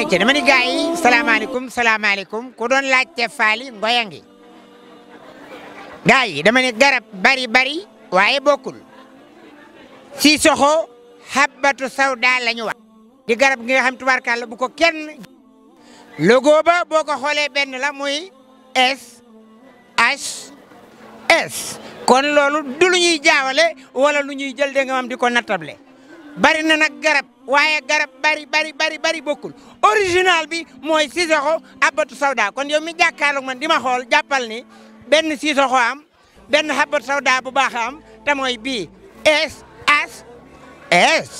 ay ca dama ni gars yi salaamaaleykum salaamaaleykum ku doon laajte faali ngoyangi gars yi dama garab bari bari waaye bokkul si soxo habbatu sawda la ñu wax di garab gi nga xam tubaarkàlla bu ko kenn logo boo ko xoolee benn la muy S H S kon loolu du lu ñuy jaawale wala lu ñuy jël de nga am di ko nattable bari na garab waaye garab bari bari bari bari original bi mooy Sissoko Habbatu sawda kon yow mi jàkkaarloog man di ma xool jàppal ni benn Sissoko am benn Habbatu Sauda bu baax am te mooy bii S S